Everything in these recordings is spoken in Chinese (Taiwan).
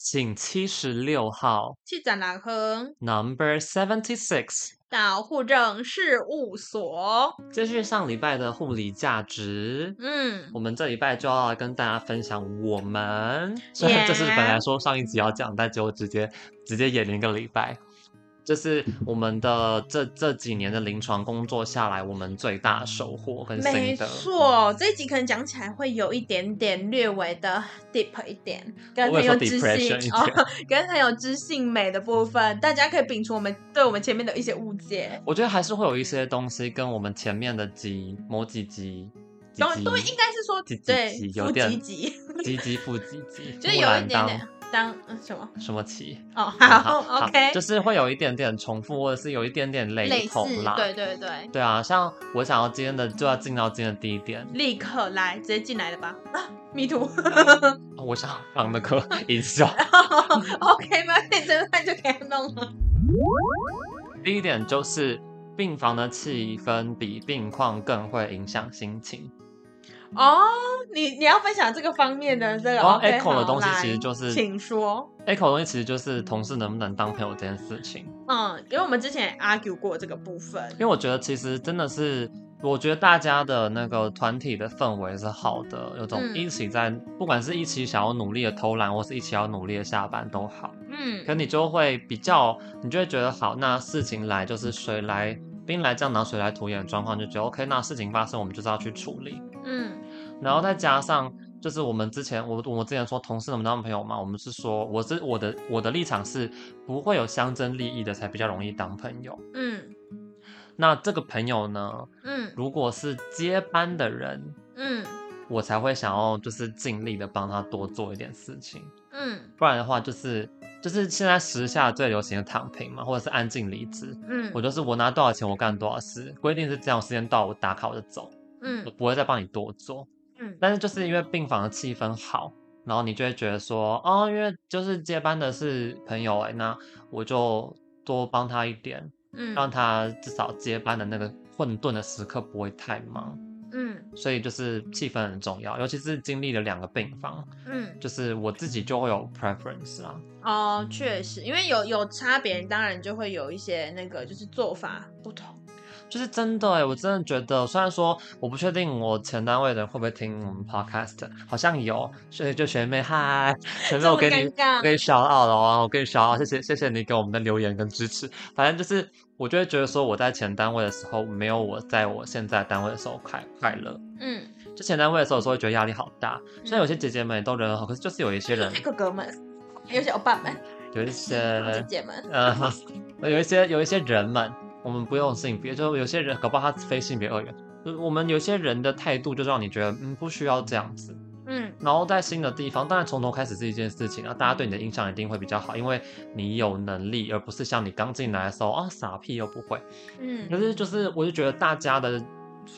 請七十六號去展覽坑 Number seventy six，到護症事務所。這是上禮拜的護理價值。嗯，我們這禮拜就要跟大家分享我們。所、嗯、以這是本來說上一集要講，但就直接直接演了一個禮拜。就是我們的這這幾年的臨床工作下來，我們最大的收穫跟心得。沒錯，這一集可能講起來會有一點點略微的 deep 一點，跟很有知性、哦，跟很有知性美的部分， 大家可以摒除我們對我們前面的一些誤解。我覺得還是會有一些東西跟我們前面的幾某幾集，然都、哦、應該是說集集集對，有點幾集，幾 不幾集，就有一點點。嗯當、呃、什麼什麼棋哦、oh, 嗯、好、oh, OK 好，就是會有一點點重複或者是有一點點雷同啦。對對對對啊，像我想要今天的就要進到今天的第一點立刻來，直接進來了吧啊，迷途，我想放的歌一笑、， oh, OK 嗎？現在就可以弄了，第一點就是病房的氣氛比病況更會影響心情。哦，你你要分享這個方面的這個、嗯 okay, Echo 的東西其實就是，請說。Echo 的東西其實就是同事能不能當朋友這件事情。嗯，因為我們之前也 argue 過這個部分。因為我覺得其實真的是，我覺得大家的那個團體的氛圍是好的，有種一起在、嗯，不管是一起想要努力的偷懶，或是一起要努力的下班都好。嗯。可你就會比較，你就會覺得好，那事情來就是水來，兵來將擋，水來土掩的狀況就覺得 OK，那事情發生我們就是要去處理。嗯。然後再加上，就是我們之前我我之前說同事能當朋友嘛，我們是說我是我的我的立場是不會有相爭利益的才比較容易當朋友。嗯，那這個朋友呢，嗯，如果是接班的人，嗯，我才會想要就是盡力的幫他多做一點事情。嗯，不然的話就是就是現在時下最流行的躺平嘛，或者是安靜離職。嗯，我就是我拿多少錢我幹多少事，規定是這樣，時間到我打卡我就走。嗯，我不會再幫你多做。嗯，但是就是因為病房的氣氛好，然後你就會覺得說，哦，因為就是接班的是朋友哎、欸，那我就多幫他一點，嗯，讓他至少接班的那個混沌的時刻不會太忙，嗯，所以就是氣氛很重要，嗯、尤其是經歷了兩個病房，嗯，就是我自己就會有 preference 啦、嗯。哦，確實，因為有有差別，當然就會有一些那個就是做法不同。就是真的，欸，我真的覺得，雖然說我不確定我前單位的人會不會聽我們 podcast，好像有，所以就學妹嗨，嗯，學妹我給你給你小傲了哦，我給你小傲，謝謝謝謝你給我們的留言跟支持，反正就是我就會覺得說我在前單位的時候沒有我在我現在單位的時候快快樂，嗯，就前單位的時候，我會覺得壓力好大，雖然有些姐姐們都人很好，可是就是有一些人，有些哥們，有些歐巴們，有一些，嗯嗯，姐姐們，呃， 有一些有一些人們。我們不用性別，就有些人搞不好他非性別二元。就我們有些人的態度，就讓你覺得嗯，不需要這樣子，嗯。然後在新的地方，當然從頭開始是一件事情啊，大家對你的印象一定會比較好，因為你有能力，而不是像你剛進來的時候啊，傻屁又不會，嗯。可是就是我就覺得大家的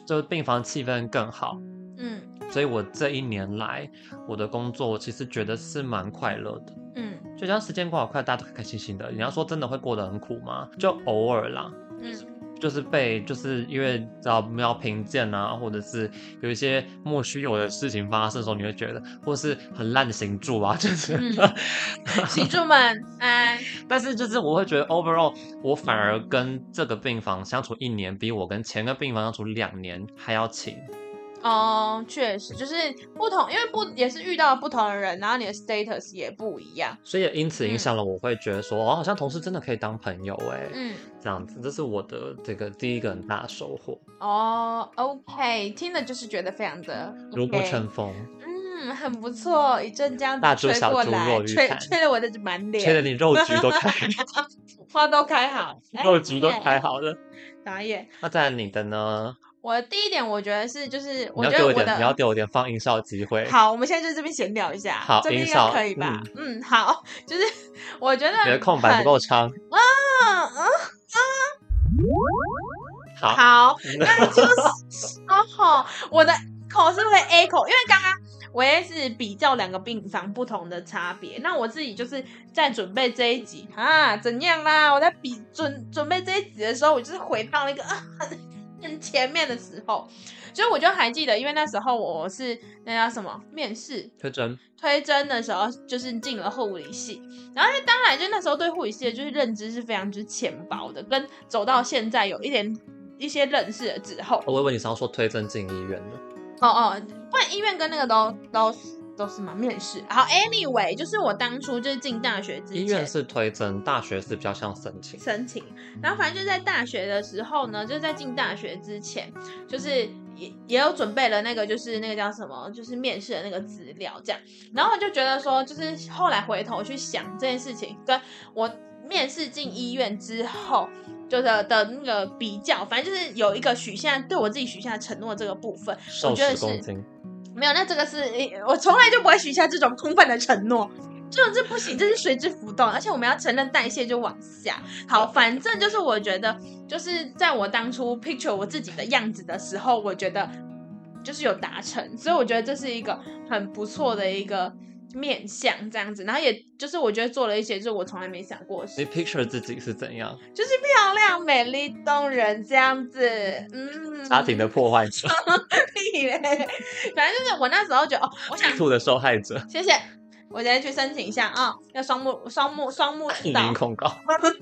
就病房氣氛更好，嗯。所以我這一年來我的工作，我其實覺得是蠻快樂的，嗯。就像時間過好快，大家都開開心心的。你要說真的會過得很苦嗎？就偶爾啦。嗯，就是被，就是因為知道沒有評鑑啊，或者是有一些莫須有的事情發生的時候，你會覺得，或是很爛行住啊，就是、嗯、行住們，哎。 但是就是我會覺得，overall，我反而跟這個病房相處一年，嗯、比我跟前個病房相處兩年還要親。哦，確實，就是不同，因為不也是遇到不同的人，然後你的 status 也不一樣，所以也因此影響了，我會覺得說、嗯，哦，好像同事真的可以當朋友、欸，誒。嗯，這樣子，這是我的這個第一個很大收穫。哦、oh,，OK，聽了就是覺得非常的、okay、如沐春風，嗯，很不錯，一陣這樣子吹過來，大珠小珠落玉盤吹吹的我的滿臉，吹的你肉菊都開，花 都開好， 肉菊都開好了，打、okay. 野，那、啊、在你的呢？我的第一點，我覺得是就是，我覺得你要丟我點我的你要給我點放音效機會。好，我們現在就這邊閒聊一下，好，音效可以吧嗯？嗯，好，就是我覺得你的空白不夠長。嗯嗯啊，啊，啊好，那、嗯、就是、 哦吼，我的口是會 echo 因為剛剛我也是比較兩個病房不同的差別。那我自己就是在準備這一集啊，怎樣啦？我在比準準備這一集的時候，我就是回到那個。啊前面的時候，所以我就還記得，因為那時候我是那叫什麼面試推甄。推甄的時候就是進了護理系，然後當然就那時候對護理系的就是認知是非常之淺薄的，跟走到現在有一點一些認識了之後，我以為你，想要說推甄進醫院的，哦哦，不然醫院跟那個都都。都是嘛面試，好，Anyway，就是我當初就是進大學之前，醫院是推甄，大學是比較像申請申請。然後反正就是在大學的時候呢、嗯，就在進大學之前，就是也也有準備了那個就是那個叫什麼，就是面試的那個資料這樣。然後我就覺得說，就是後來回頭我去想這件事情，跟我面試進醫院之後，就是的、的那個比較，反正就是有一個許下對我自己許下承諾這個部分，我覺得是。沒有，那這個是我從來就不會許下這種空泛的承諾， 這種這不行，這是隨之浮動，而且我們要承認代謝就往下。好，反正就是我覺得，就是在我當初 picture 我自己的樣子的時候，我覺得就是有達成，所以我覺得這是一個很不錯的一個面向這樣子。然後也就是我覺得做了一些，就是我從來沒想過你 picture 自己是怎樣，就是漂亮、美麗、動人這樣子。嗯，家庭的破壞者。 反正就是我那時候就，哦、我想。吐的受害者。謝謝，我今天去申請一下啊、哦，要雙目、雙目、雙目導控告。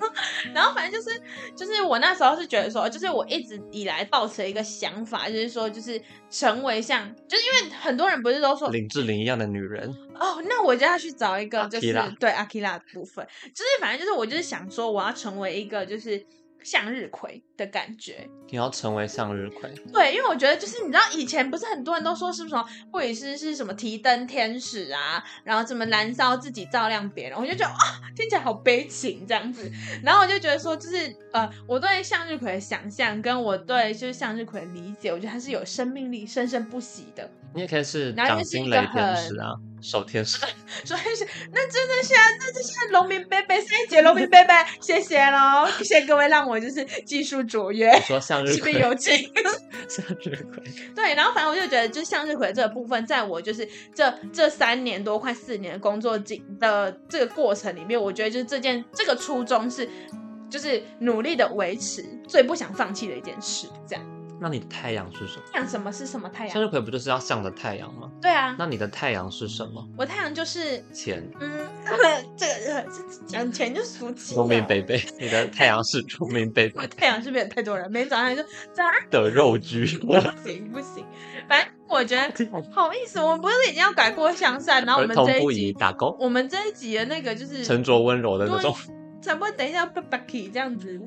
然後反正就是，就是我那時候是覺得說，就是我一直以來抱持一個想法，就是說，就是成為像，就是因為很多人不是都說林志玲一樣的女人。哦，那我就要去找一個就是對阿基拉的部分，就是反正就是我就是想說，我要成為一個就是。向日葵的感覺，你要成為向日葵，對，因為我覺得就是你知道以前不是很多人都說是不是？或者是是什麼提燈天使啊，然後怎麼燃燒自己照亮別人，我就覺得啊聽起來好悲情這樣子，然後我就覺得說就是呃我對向日葵的想象跟我對就是向日葵的理解，我覺得它是有生命力生生不息的，你也可以是掌心雷天使啊。守天使，所 以是、啊，那真的是啊，那這是農民伯伯，謝謝農民伯伯，謝謝嘍，謝謝各位讓我就是技術卓越，說向日葵，向日葵， 對，然後反正我就覺得，就是向日葵這個部分，在我就是這這三年多快四年工作進的這個過程裡面，我覺得就是這件這個初衷是，就是努力的維持最不想放棄的一件事，這樣。那你太陽是，是什麼？太陽什麼是什麼太陽？向日葵不就是要向着太陽嗎？對啊。那你的太陽是什麼？我太陽就是錢。嗯，呵呵這個講錢就俗氣。聰明貝貝，你的太陽是聰明貝貝。我 太陽是不是也有太多人？每天早上就扎的肉狙。不行不行？反正我覺得好意思，我們不是已經要改過向善，然後我們這一集同步以打工。我們這一集的那個就是沉着溫柔的那種。差不多等一下不白起這樣子。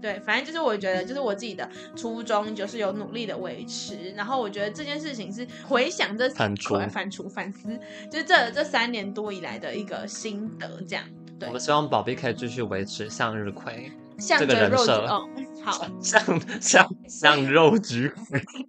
對，反正就是我覺得，就是我自己的初衷就是有努力的維持，然後我覺得這件事情是回想這反芻、反芻、反思，就是這這三年多以來的一個心得，這樣。對，我們希望寶貝可以繼續維持向日葵。像征肉橘，嗯、這個哦，好，像像像肉橘，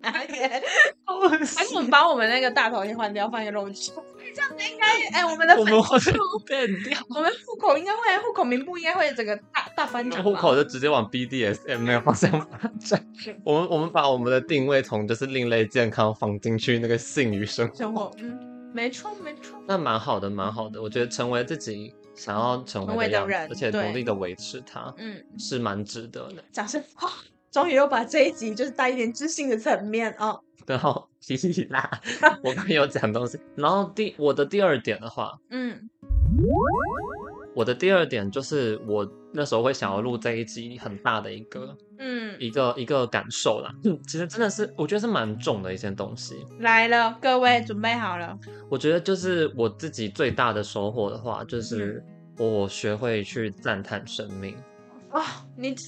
哎呀，我們把我們那個大頭先換掉，放個肉橘， 這樣子應該，哎，我們的粉，我們好像變掉，我們戶口應該會，戶口名不應該會整個大大翻轉，戶口就直接往 BDSM 那個方向發展， 是 我們我們把我們的定位從就是另類健康放進去那個性與生活，嗯，沒錯沒錯，那蠻好的蠻好的，我覺得成為自己。想要成為這樣的人，而且努力的維持它，嗯，是蠻值得的。掌聲。哇、哦，終於又把這一集就是帶一點自信的層面哦。然後，嘻嘻啦，我剛有講東西。然後第我的第二點的話，嗯。我的第二點就是，我那時候會想要錄這一集很大的一個，一個，嗯，一個一個感受啦。其實真的是，我覺得是蠻重的一件東西。來了，各位準備好了。我覺得就是我自己最大的收穫的話，就是我學會去讚嘆生命。嗯。哦，你這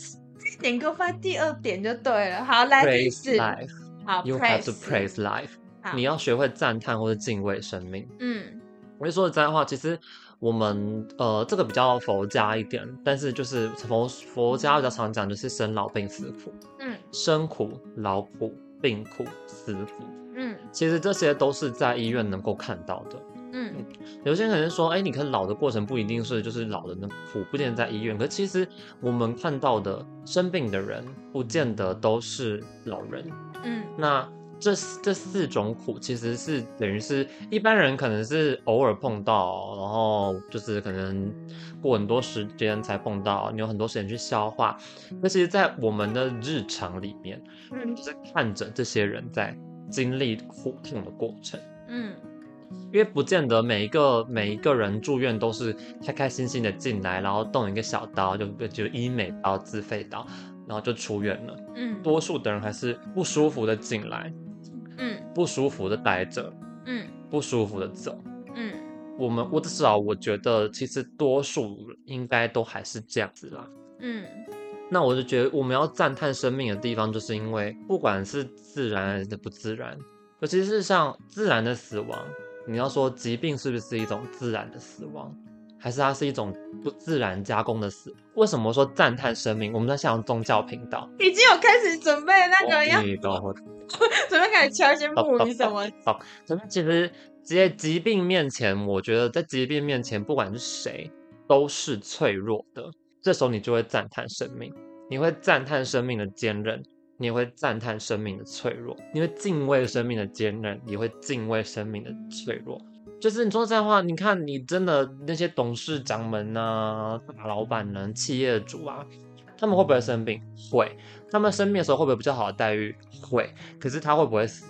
點給我發第二點就對了。好，來第四。好，Praise Life, 好 you have to praise life. 好。你要學會讚嘆或者敬畏生命。嗯，我就說實在的話，其實。我們呃，這個比較佛家一點，但是就是佛佛家比較常講的是生老病死苦。嗯，生苦、老苦、病苦、死苦。嗯，其實這些都是在醫院能夠看到的。嗯，有些人可能說，哎，你看老的過程不一定是就是老人的苦，不見在醫院。可是其實我們看到的生病的人，不見得都是老人。嗯，那。這這四種苦其實是等於是一般人可能是偶爾碰到，然後就是可能過很多時間才碰到，你有很多時間去消化。那其實，在我們的日常裡面，我們，嗯，就是看着這些人在經歷苦痛的過程。嗯，因為不見得每一個每一個人住院都是開開心心的進來，然後動一個小刀，就就醫美刀、自費刀，然後就出院了。嗯，多數的人還是不舒服的進來。不舒服的待着，嗯，不舒服的走，嗯，我們，我至少我覺得，其實多數應該都還是這樣子啦，嗯，那我就覺得我們要讚嘆生命的地方，就是因為不管是自然還是不自然，尤其是像自然的死亡，你要說疾病是不是一種自然的死亡？還是它是一種不自然加工的死。為什麼說讚嘆生命？我們在向宗教頻道已經有開始準備那個樣， 準備開始敲一些木魚什麼。好、哦，哦哦哦、其實，在疾病面前，我覺得在疾病面前，不管是誰都是脆弱的。這時候你就會讚嘆生命，你會讚嘆生命的堅韌，你會讚嘆生命的脆弱，你會敬畏生命的堅韌，你會敬畏生命的脆弱。就是你說實在話，你看你真的那些董事長們吶、啊、大老闆吶、啊，企業主啊，他們會不會生病？會。他們生病的時候會不會有比較好的待遇？會。可是他會不會死？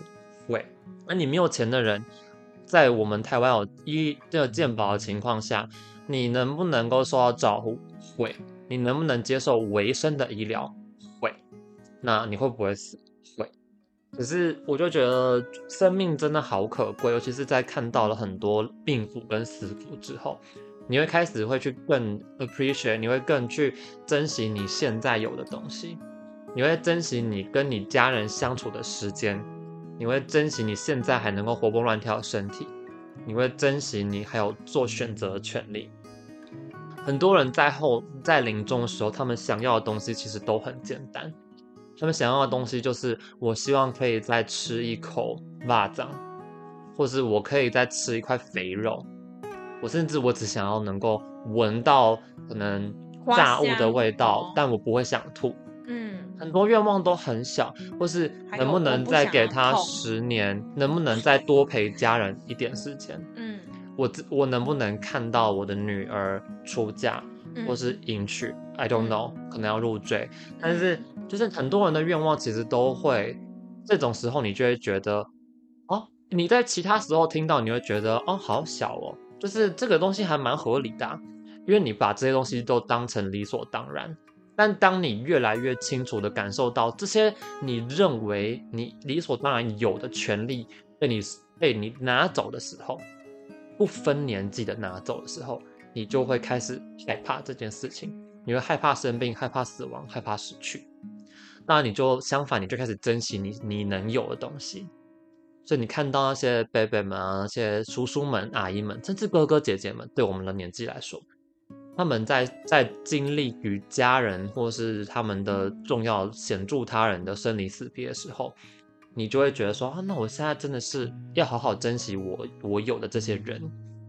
會。那你沒有錢的人，在我們台灣有醫的健保的情況下，你能不能夠受到照顧？會。你能不能接受維生的醫療？會。那你會不會死？會。可是我就覺得生命真的好可貴，尤其是在看到了很多病故跟死符之後，你會開始會去更 appreciate，你會更去珍惜你現在有的東西，你會珍惜你跟你家人相處的時間，你會珍惜你現在還能夠活蹦亂跳的身體，你會珍惜你還有做選擇的權利。很多人在後在臨終的時候，他們想要的東西其實都很簡單。他們想要的東西就是，我希望可以再吃一口臘腸，或是我可以再吃一塊肥肉。我甚至我只想要能夠聞到可能炸物的味道，但我不會想吐。嗯，很多願望都很小，或是能不能再給他十年，能不能再多陪家人一點時間？嗯，我我能不能看到我的女兒出嫁，或是迎娶？嗯，I don't know。嗯，可能要入贅，嗯，但是。就是很多人的願望，其實都會。這種時候，你就會覺得，哦，你在其他時候聽到，你會覺得，哦，好小哦。就是這個東西還蠻合理的啊，因為你把這些東西都當成理所當然。但當你越來越清楚地感受到這些你認為你理所當然有的權利被你被你拿走的時候，不分年紀的拿走的時候，你就會開始害怕這件事情。你會害怕生病，害怕死亡，害怕失去。那你就相反，你就開始珍惜你你能有的東西。所以你看到那些伯伯們啊、那些叔叔們、阿姨們，甚至哥哥姐姐們，對我們的年紀來說，他們在在經歷與家人或是他們的重要顯著他人的生離死別的時候，你就會覺得說：啊，那我現在真的是要好好珍惜我我有的這些人，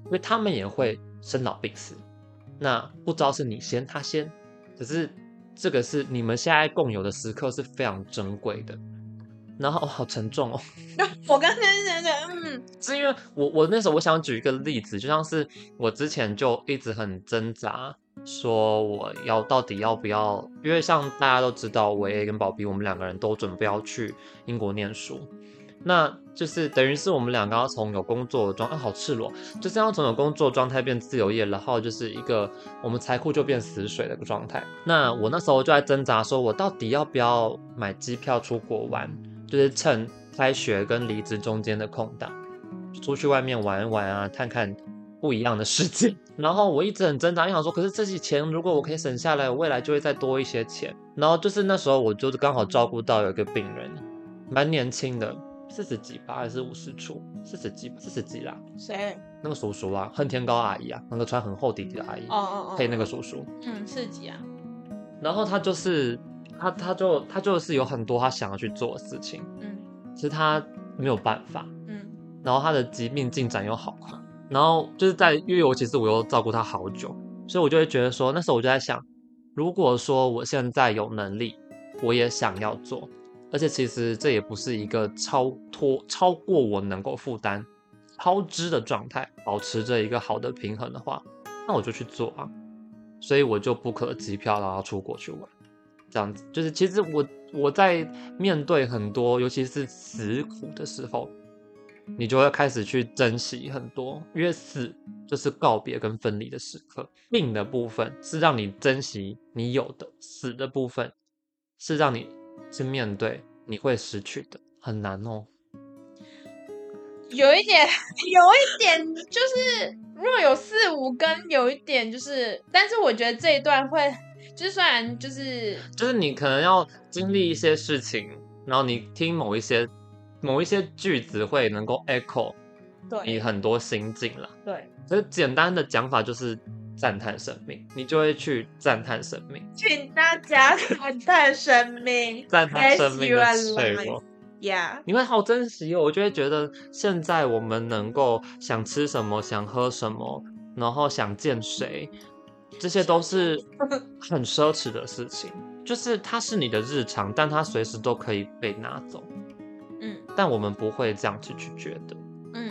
因為他們也會生老病死。那不知道是你先他先，只是。這個是你們現在共有的時刻，是非常珍貴的。然後，哦、好沉重哦。我剛才想個，嗯，是因為我我那時候我想舉一個例子，就像是我之前就一直很掙扎，說我要到底要不要，因為像大家都知道，維 A 跟寶 B，我們兩個人都準備要去英國念書，那。就是等於是我們兩個要從有工作的狀態，啊好赤裸、啊，就是要從有工作狀態變自由業，然後就是一個我們財庫就變死水的一個狀態。那我那時候就在掙扎，說我到底要不要買機票出國玩，就是趁開學跟離職中間的空檔，出去外面玩一玩啊，看看不一樣的世界。然後我一直很掙扎，因為想說，可是這些錢如果我可以省下來，我未來就會再多一些錢。然後就是那時候我就剛好照顧到有一個病人，蠻年輕的。四十幾，吧，還是五十出？四十幾吧，四十幾啦。誰？那個叔叔啊，恨天高阿姨啊，那個穿很厚底底的阿姨哦哦哦，配、oh, oh, oh. 那個叔叔，嗯，四十幾啊。然後他就是他，他就他就是有很多他想要去做的事情，嗯，其實他沒有辦法，嗯。然後他的疾病進展又好快，然後就是在月我其實我又照顧他好久，所以我就會覺得說，那時候我就在想，如果說我現在有能力，我也想要做。而且其實這也不是一個超脫、超過我能夠負擔、超支的狀態。保持着一個好的平衡的話，那我就去做啊。所以我就 book 了機票，然後出國去玩。這樣子就是，其實我我在面對很多，尤其是死苦的時候，你就會開始去珍惜很多，因為死就是告別跟分離的時刻。命的部分是讓你珍惜你有的，死的部分是讓你。去面對你會失去的，很難哦。有一點，有一點就是，若 有四五根，有一點就是，但是我覺得這一段會，就是雖然就是，就是你可能要經歷一些事情，然後你聽某一些某一些句子會能夠 echo，對你很多心境了。對，所以簡單的講法就是。讚嘆生命，你就會去讚嘆生命。請大家讚嘆生命。讚 嘆生命的脆弱。Yeah，你會好珍惜哦。我就會覺得，現在我們能夠想吃什麼、嗯、想喝什麼，然後想見誰，這些都是很奢侈的事情。 就是它是你的日常，但它隨時都可以被拿走。嗯，但我們不會這樣子去覺得。嗯。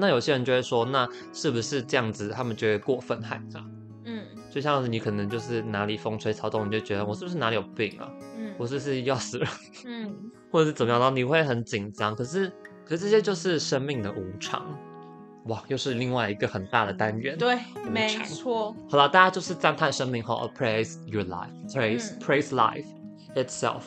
那有些人就會說，那是不是這樣子？他們覺得過分害怕。嗯，就像是你可能就是哪裡風吹草動，你就覺得我是不是哪裡有病啊？嗯，我是不是要死了？嗯，或者是怎麼樣呢？你會很緊張。可是，可是這些就是生命的無常。哇，又是另外一個很大的單元。對，沒錯。好了，大家就是讚嘆生命，a praise your life，praise praise life itself。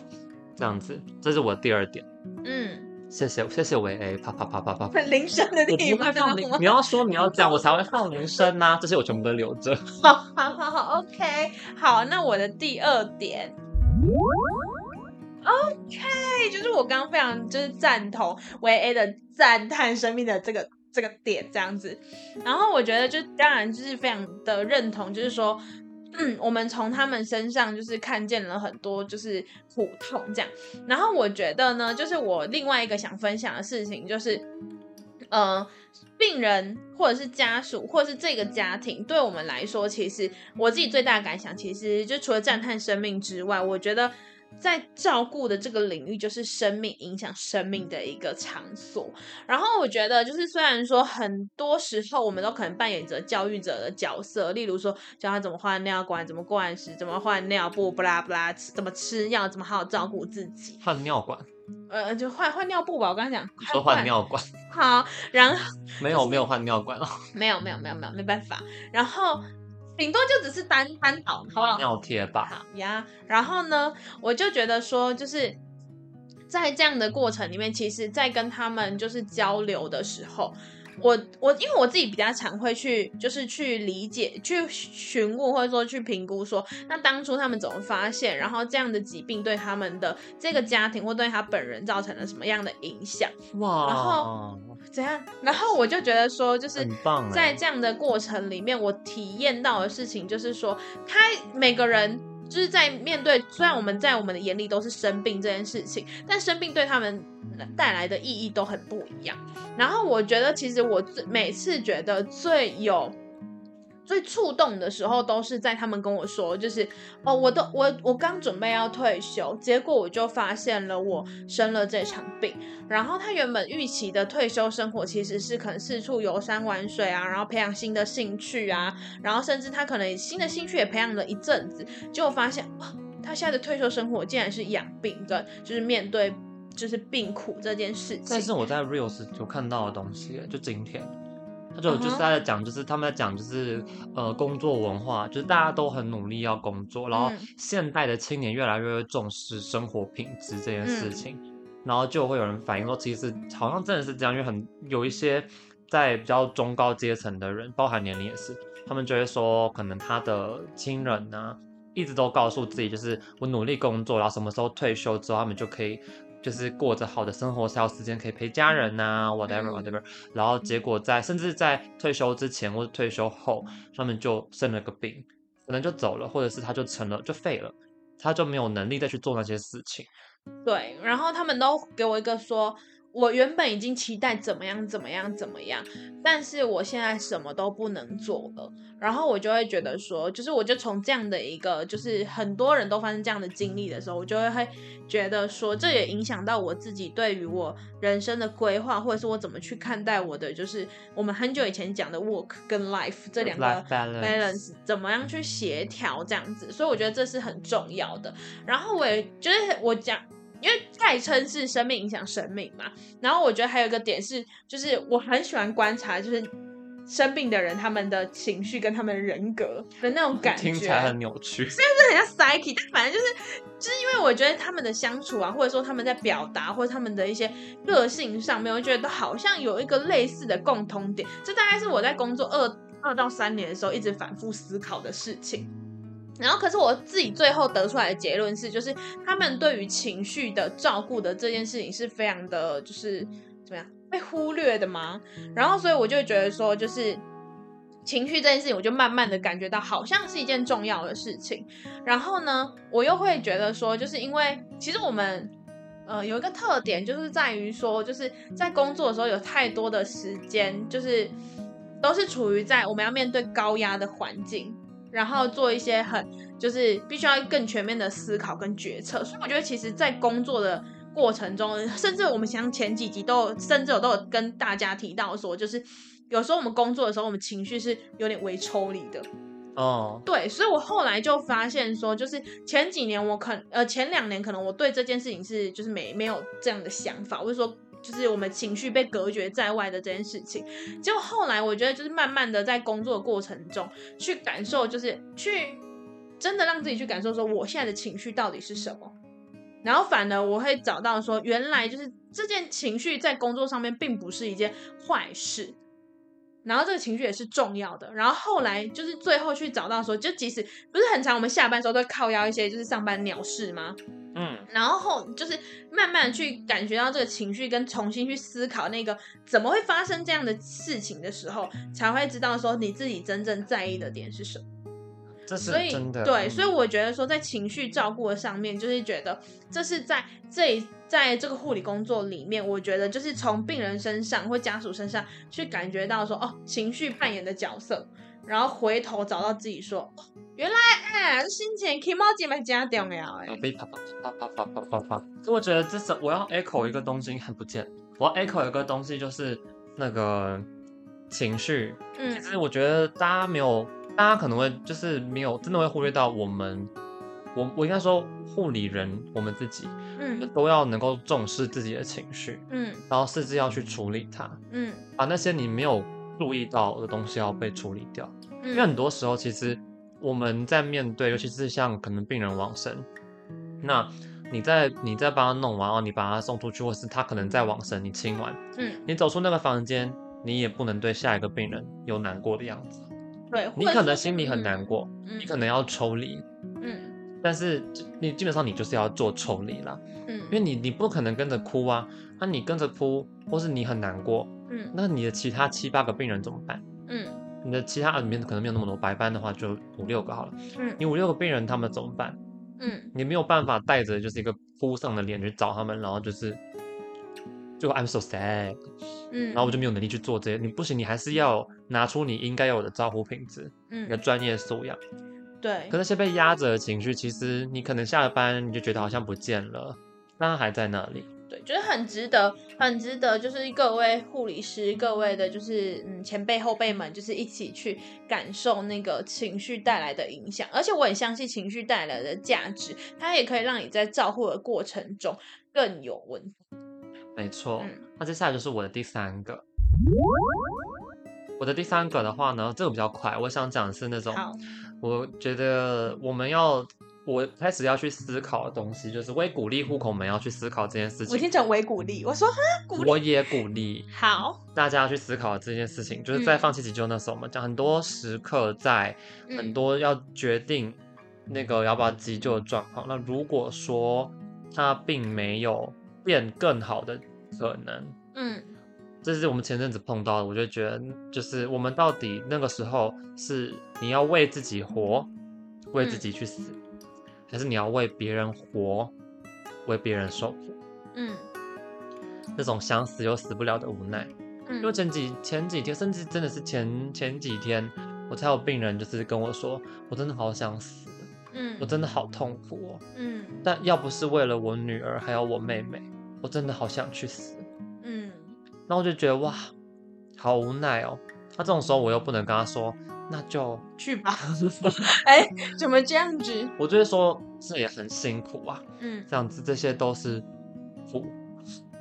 這樣子，嗯，這是我第二點。嗯。謝謝謝謝維 A，啪啪啪啪啪，鈴聲的地方。我不放鈴，你要說你要講， 我才會放鈴聲吶、啊。 這些我全部都留着。好好好，OK。好，那我的第二點，OK，就是我剛剛非常就是贊同維 A 的讚嘆生命的這個這個點這樣子。然後我覺得就當然就是非常的認同，就是說。嗯，我們從他們身上就是看見了很多就是苦痛這樣，然後我覺得呢，就是我另外一個想分享的事情就是，呃，病人或者是家屬或者是這個家庭，對我們來說，其實我自己最大的感想，其實就除了讚嘆生命之外，我覺得。在照顧的這個領域，就是生命影響生命的一個場所。然後我覺得，就是雖然說很多時候我們都可能扮演着教育者的角色，例如說教他怎麼換尿管、怎麼灌食、怎麼換尿布、不啦不啦、怎麼吃藥、怎麼好好照顧自己。換尿管？呃，就換換尿布吧。我剛才講說換、換、換尿管。好，然後沒有沒有換尿管了。沒有、就是、沒有沒有沒有、沒有、沒辦法。然後。頂多就只是單單導好尿貼吧呀。Yeah, 然後呢，我就覺得說，就是在這樣的過程裡面，其實，在跟他們就是交流的時候。我我因為我自己比較常會去，就是去理解、去詢問或者說去評估說，說那當初他們怎麼發現，然後這樣的疾病對他們的這個家庭或對他本人造成了什麼樣的影響？哇！然後怎樣？然後我就覺得說，就是很棒。在這樣的過程裡面，我體驗到的事情就是說，他每個人。就是在面對，雖然我們在我們的眼裡都是生病這件事情，但生病對他們帶來的意義都很不一樣。然後我覺得，其實我最每次覺得最有。最觸動的時候都是在他們跟我說，就是哦，我都我我剛準備要退休，結果我就發現了我生了這場病。然後他原本預期的退休生活其實是可能四處遊山玩水啊，然後培養新的興趣啊，然後甚至他可能新的興趣也培養了一陣子，結果發現，哦，他現在的退休生活竟然是養病的，這就是面對就是病苦這件事情。但是我在 Reels 有看到的東西，就今天。他就就是在講，就是他們在講，就是、uh -huh. 呃，工作文化，就是大家都很努力要工作，然後現代的青年越來越重視生活品質這件事情，uh -huh. 然後就會有人反映說，其實好像真的是這樣，因為很有一些在比較中高階層的人，包含年齡也是，他們就會說，可能他的親人呢、啊、一直都告訴自己，就是我努力工作，然後什麼時候退休之後，他們就可以。就是過着好的生活，才有時間可以陪家人吶、啊，whatever whatever，嗯。然後結果在甚至在退休之前或者退休後，他們就生了個病，可能就走了，或者是他就成了，就廢了，他就沒有能力再去做那些事情。對，然後他們都給我一個說。我原本已經期待怎麼樣怎麼樣怎麼樣，但是我現在什麼都不能做了，然後我就會覺得說，就是我就從這樣的一個，就是很多人都發生這樣的經歷的時候，我就會會覺得說，這也影響到我自己對於我人生的規劃，或者是我怎麼去看待我的，就是我們很久以前講的 work 跟 life 這兩個 balance 怎麼樣去協調這樣子，所以我覺得這是很重要的。然後我也就是我講。因為代稱是生命影響生命嘛，然後我覺得還有一個點是，就是我很喜歡觀察，就是生病的人他們的情緒跟他們的人格的那種感覺，聽起來很扭曲，雖然說很像 psyche，但反正就是就是因為我覺得他們的相處啊，或者說他們在表達，或者他們的一些個性上面，我覺得都好像有一個類似的共通點。這大概是我在工作二二到三年的時候一直反覆思考的事情。然後，可是我自己最後得出來的結論是，就是他們對於情緒的照顧的這件事情是非常的，就是怎麼樣被忽略的嘛。然後，所以我就覺得說，就是情緒這件事情，我就慢慢的感覺到好像是一件重要的事情。然後呢，我又會覺得說，就是因為其實我們呃有一個特點，就是在於說，就是在工作的時候有太多的時間，就是都是處於在我們要面對高壓的環境。然後做一些很，就是必須要更全面的思考跟決策。所以我覺得，其實，在工作的過程中，甚至我們像前幾集都有，甚至我都有跟大家提到說，就是有時候我們工作的時候，我們情緒是有點微抽離的。哦，oh，對。所以，我後來就發現說，就是前幾年我可能，呃，前兩年可能我對這件事情是，就是沒沒有這樣的想法，我就說。就是我們情緒被隔絕在外的這件事情，結果後來我覺得，就是慢慢的在工作過程中去感受，就是去真的讓自己去感受，說我現在的情緒到底是什麼，然後反而我會找到說，原來就是這件情緒在工作上面並不是一件壞事。然後這個情緒也是重要的。然後後來就是最後去找到說，就即使不是很常，我們下班的時候都會靠腰一些就是上班鳥事嗎？嗯。然後就是慢慢去感覺到這個情緒，跟重新去思考那個怎麼會發生這樣的事情的時候，才會知道說你自己真正在意的點是什麼。這是真的。所以對、嗯，所以我覺得說在情緒照顧的上面，就是覺得這是在這一。在這個護理工作裡面，我覺得就是從病人身上或家屬身上去感覺到說，哦，情緒扮演的角色，然後回頭找到自己說，哦，原來，哎，這心，心情可以忘記，蠻重要的哎。被啪啪啪啪啪啪啪。所以我覺得這是我要 echo 一個東西，很不見，我要 echo 一個東西就是那個情緒。其實我覺得大家沒有，大家可能會就是沒有，真的會忽略到我們。我我應該說護理人，我們自己嗯，都要能夠重視自己的情緒嗯，然後甚至要去處理它嗯，把那些你沒有注意到的東西要被處理掉，嗯、因為很多時候其實我們在面對，尤其是像可能病人往生，那你在你在幫他弄完然後，你把他送出去，或是他可能在往生，你清完嗯，你走出那個房間，你也不能對下一個病人有難過的樣子對，你可能心裡很難過，嗯、你可能要抽離嗯。嗯但是你基本上你就是要做抽離了，嗯，因為你你不可能跟着哭啊，那你跟着哭，或是你很難過，嗯，那你的其他七八個病人怎麼辦？嗯，你的其他裡面可能沒有那麼多，白班的話就五六個好了，嗯，你五六個病人他們怎麼辦？嗯，你沒有辦法帶着就是一個哭喪的臉去找他們，然後就是最後 I'm so sad，嗯，然後我就沒有能力去做這些，你不行，你還是要拿出你應該有的照護品質，嗯，一個專業素養。對，可那些被壓着的情緒，其實你可能下了班，你就覺得好像不見了，但它還在那裡。對，就是很值得，很值得，就是各位護理師，各位的，就是嗯前輩後輩們，就是一起去感受那個情緒帶來的影響。而且我也相信情緒帶來的價值，它也可以讓你在照護的過程中更有溫度。沒錯，嗯，那接下來就是我的第三個，我的第三個的話呢，這個比較快，我想講的是那種。我覺得我們要，我開始要去思考的東西，就是為鼓勵戶口們要去思考這件事情。我聽成為鼓勵，我說哈,我也鼓勵，好，大家要去思考這件事情，就是在放棄急救那時候，嘛，講很多時刻在、嗯、很多要決定那個要不要急救的狀況。那如果說他並沒有變更好的可能，嗯。這是我們前陣子碰到的，我就覺得，就是我們到底那個時候是你要為自己活，為自己去死，嗯。還是你要為別人活，為別人受苦？嗯。那種想死又死不了的無奈。嗯。因為前幾前幾天，甚至真的是前前幾天，我才有病人就是跟我說，我真的好想死。嗯。我真的好痛苦哦。嗯。但要不是為了我女兒，還有我妹妹，我真的好想去死。然後我就覺得哇，好無奈哦。那、啊、這種時候我又不能跟他說，那就去吧。哎、 欸，怎麼這樣子？我就會說，這也很辛苦啊。嗯，這樣子這些都是，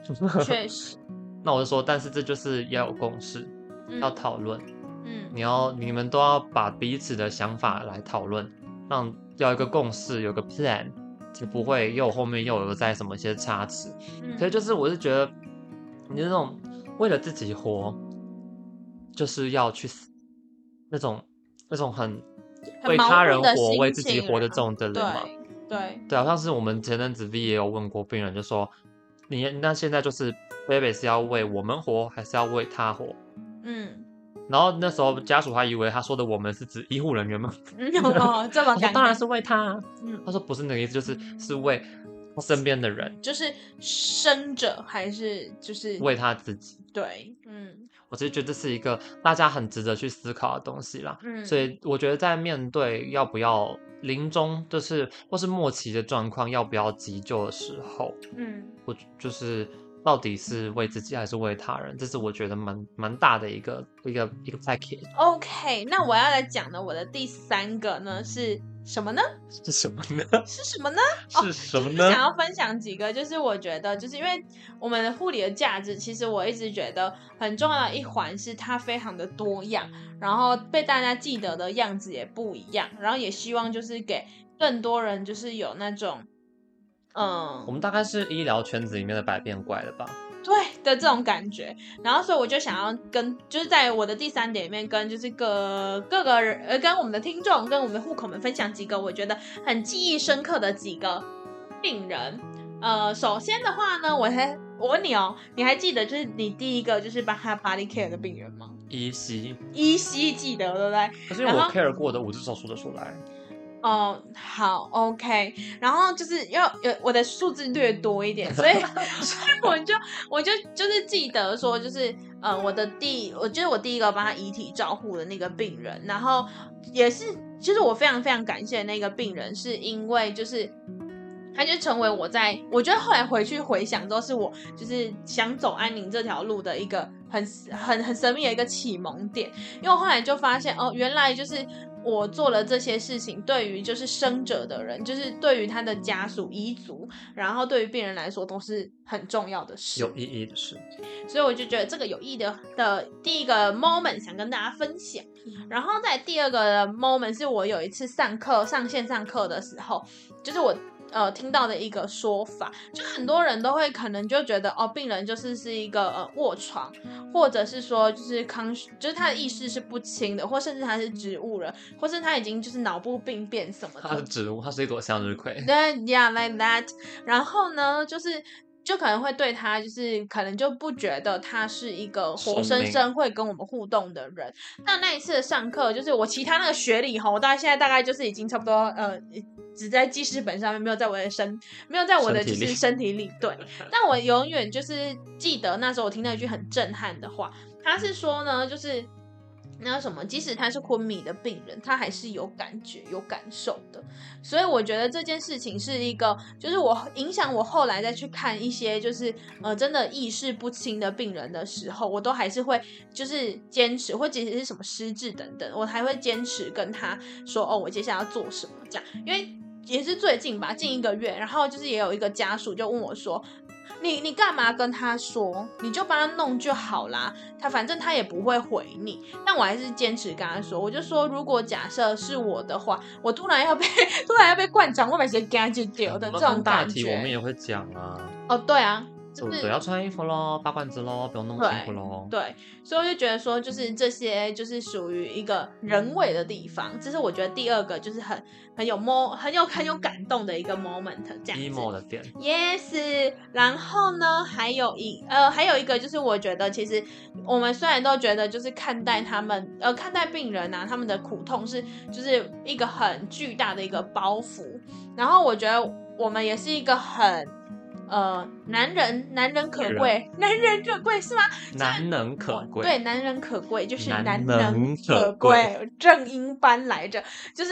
確實。那我就說，但是這就是要有共識，嗯、要討論。嗯，你要你們都要把彼此的想法來討論，讓要一個共識，有個 plan，就不會又後面又有再什麼一些差池。嗯、所以就是，我是覺得你這種。為了自己活，就是要去死那種那種很為他人活、為自己活的這種的人嘛。對對，好像是我們前陣子 V 也有問過病人，就說，你那現在就是 Baby 是要為我們活，還是要為他活？嗯。然後那時候家屬還以為他說的“我們”是指醫護人員嗎？嗯、哦，這麼想， 他當然是為他啊。嗯，他說不是那個意思，就是是為。嗯身邊的人，就是生者還是就是為他自己？對，嗯，我其實覺得這是一個大家很值得去思考的東西啦。嗯，所以我覺得在面對要不要臨終，就是或是末期的狀況，要不要急救的時候，嗯，我就是到底是為自己還是為他人、嗯？這是我覺得蠻蠻大的一個一個一個 package。OK，那我要來講呢，我的第三個呢、嗯、是。什麼呢？是什麼呢？是什麼呢？是什麼呢？Oh, 什麼呢？就是想要分享幾個，就是我覺得，就是因為我們護理的價值，其實我一直覺得很重要的一環是它非常的多樣，然後被大家記得的樣子也不一樣，然後也希望就是給更多人就是有那種，嗯，我們大概是醫療圈子裡面的百變怪了吧。對的這種感覺，然後所以我就想要跟就是在我的第三點裡面跟就是各各個人呃跟我們的聽眾跟我們的護口們分享幾個我覺得很記憶深刻的幾個病人。呃，首先的話呢，我還我問你哦，你還記得就是你第一個就是幫他 body care 的病人嗎？依稀依稀記得，對不對？可是，啊，我 care 過的，我至少說得出來。哦，好，OK，然後就是要有我的數字略多一點，所以所以我就我就就是記得說，就是呃，我的第，我覺得我第一個幫他遺體照護的那個病人，然後也是，就是我非常非常感謝的那個病人，是因為就是他就成為我在我覺得後來回去回想之後是我就是想走安寧這條路的一個很很很神秘的一個啟蒙點，因為我後來就發現哦，原來就是。我做了這些事情，對於就是生者的人，就是對於他的家屬、遺族，然後對於病人來說，都是很重要的事，有意義的事。所以我就覺得這個有意義的的第一個 moment 想跟大家分享。然後在第二個 moment 是我有一次上課、上線上課的時候，就是我。呃，聽到的一個說法，就很多人都會可能就覺得，哦，病人就是是一個呃臥床，或者是說就是康，就是他的意識是不清的，或甚至他是植物人，或是他已經就是腦部病變什麼的。他是植物，他是一朵向日葵。對呀，yeah, like that。然後呢，就是。就可能會對他，就是可能就不覺得他是一個活生生會跟我們互動的人。那那一次的上課，就是我其他那個學歷哈，我到現在大概就是已經差不多呃，只在記事本上面，沒有在我的身，沒有在我的就是身體裡。對， 但我永遠就是記得那時候我聽到一句很震撼的話，他是說呢，就是。那什麼，即使他是昏迷的病人，他還是有感覺、有感受的。所以我覺得這件事情是一個，就是我影響我後來再去看一些，就是呃，真的意識不清的病人的時候，我都還是會就是堅持，或即使是什麼失智等等，我還會堅持跟他說哦，我接下來要做什麼這樣。因為也是最近吧，近一個月，然後就是也有一個家屬就問我說。你你幹嘛跟他說？你就幫他弄就好啦。他反正他也不會回你。但我還是堅持跟他說，我就說如果假設是我的話，我突然要被突然要被灌腸，我有些干就丟的這種感覺大體，我們也會講啊。哦、oh，對啊。就不、哦、要穿衣服嘍，扒罐子嘍，不用弄衣服咯。嘍。對，所以我就覺得說，就是這些就是屬於一個人為的地方，這是我覺得第二個就是很很有魔很有很有感動的一個 moment，這樣子。Emo 的點。Yes，然後呢，還有一呃，還有一個就是我覺得其實我們雖然都覺得就是看待他們呃看待病人吶、啊，他們的苦痛是就是一個很巨大的一個包袱，然後我覺得我們也是一個很。呃，男人，男人可貴，男人可貴是嗎？男人可貴，對，男人可貴就是男人可貴，正音班來着，就是，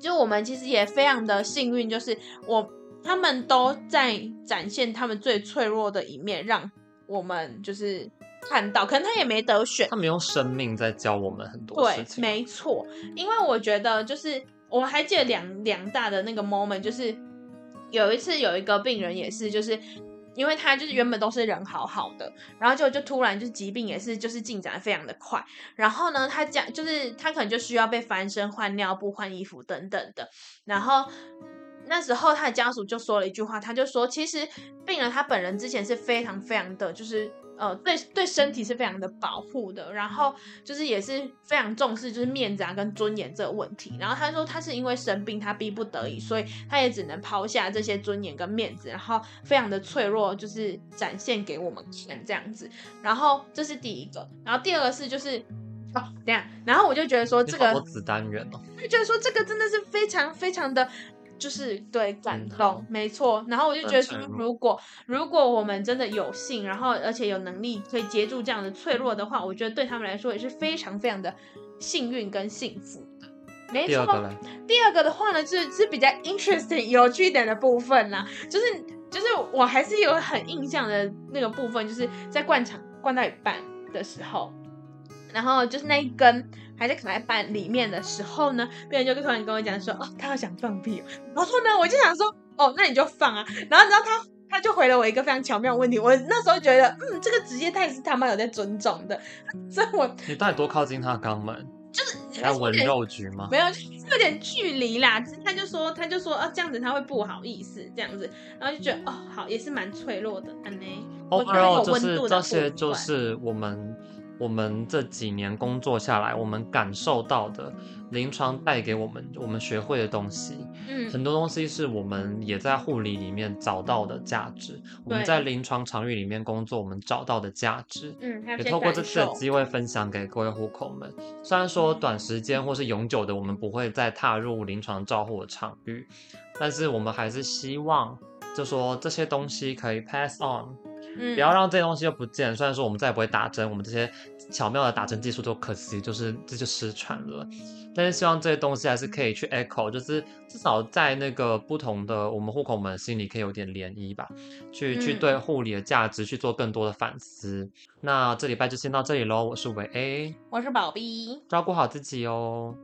就我們其實也非常的幸運，就是我他們都在展現他們最脆弱的一面，讓我們就是看到，可能他也沒得選，他們用生命在教我們很多，對，沒錯，因為我覺得就是我們還記得兩兩大的那個 moment 就是。有一次，有一個病人也是，就是因為他就是原本都是人好好的，然後就就突然就是疾病也是就是進展非常的快，然後呢，他家就是他可能就需要被翻身、換尿布、換衣服等等的，然後那時候他的家屬就說了一句話，他就說其實病人他本人之前是非常非常的就是。呃，對對，身體是非常的保護的，然後就是也是非常重視就是面子啊跟尊嚴這個問題。然後他說他是因為生病，他逼不得已，所以他也只能拋下這些尊嚴跟面子，然後非常的脆弱，就是展現給我們看這樣子。然後這是第一個，然後第二個是就是哦，等下，然後我就覺得說這個子單元哦，就覺得說這個真的是非常非常的。就是對感動、嗯，沒錯。然後我就覺得說，如果如,如果我們真的有幸，然後而且有能力可以接住這樣的脆弱的話，我覺得對他們來說也是非常非常的幸運跟幸福的、嗯。沒錯第。第二個的話呢，就是是比較 interesting、有趣點的部分啦，就是就是我還是有很印象的那個部分，就是在灌腸灌到一半的時候，然後就是那一根。還可在可萊板裡面的時候呢，病人就突然跟我講說：“哦，他好想放屁。”然後呢，我就想說：“哦，那你就放啊。”然後，你知道他他就回了我一個非常巧妙的問題。我那時候覺得，嗯，這個職業，他也是他媽有在尊重的。所以我，我你到底多靠近他的肛門？就是還有聞肉菊嗎？沒有，就是、有點距離啦。就是、他就說，他就說：“啊、哦，這樣子他會不好意思，這樣子。”然後就覺得，哦，好，也是蠻脆弱的，嗯、啊，oh, 溫度呢，哦，就是這些，就是我們。我們這幾年工作下來，我們感受到的臨床帶給我們，我們學會的東西，嗯，很多東西是我們也在護理裡面找到的價值。我們在臨床場域裡面工作，我們找到的價值，嗯，也透過這次的機會分享給各位護口們。雖然說短時間或是永久的，我們不會再踏入臨床照護的場域，但是我們還是希望，就說這些東西可以 pass on。嗯、不要讓這些東西又不見。雖然說我們再也不會打針，我們這些巧妙的打針技術都可惜，就是這就失傳了。但是希望這些東西還是可以去 echo，、嗯、就是至少在那個不同的我們護口們心裡可以有點漣漪吧，去、嗯、去對護理的價值去做更多的反思。那這禮拜就先到這裡嘍。我是維 A，我是寶 B，照顧好自己哦。